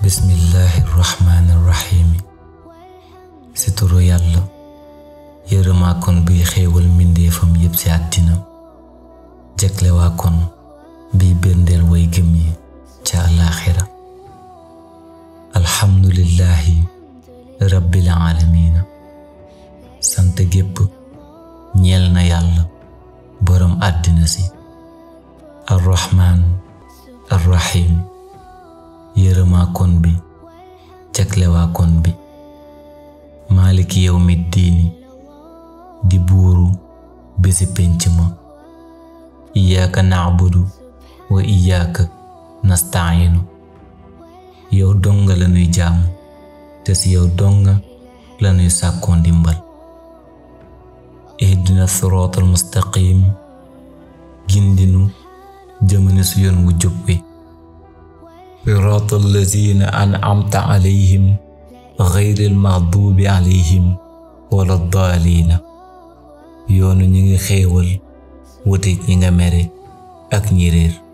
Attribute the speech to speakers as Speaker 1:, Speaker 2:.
Speaker 1: bismillahi rahmaani rahiim si turu yàlla yërëmaakoon biy xéewal mbindeefam yépp ci àddina jeglewaakoon biy berndeel way gëm ca àllaaxira alxamdulillahi rabbil aalamiina sant gépp ñeel na yàlla boroom àddina si arrahmaan arrahiim yërëmaa kon bi jaglewaa kon bi maaliki yow mi diini di buuru bési pénc ma iyaaka naabudu wa iyaaka nastaayinu yow donga la nuy jaamu te si yow donga la nuy sàkkoo ndimbal ihdina siraatal mustaqim gindinu jëmane su yoon wu jub صراط الذين أنعمت عليهم غير المغضوب عليهم wala daalina yoonu ñi ngi xéewal wuteeg ñi nga mere ak ñi réer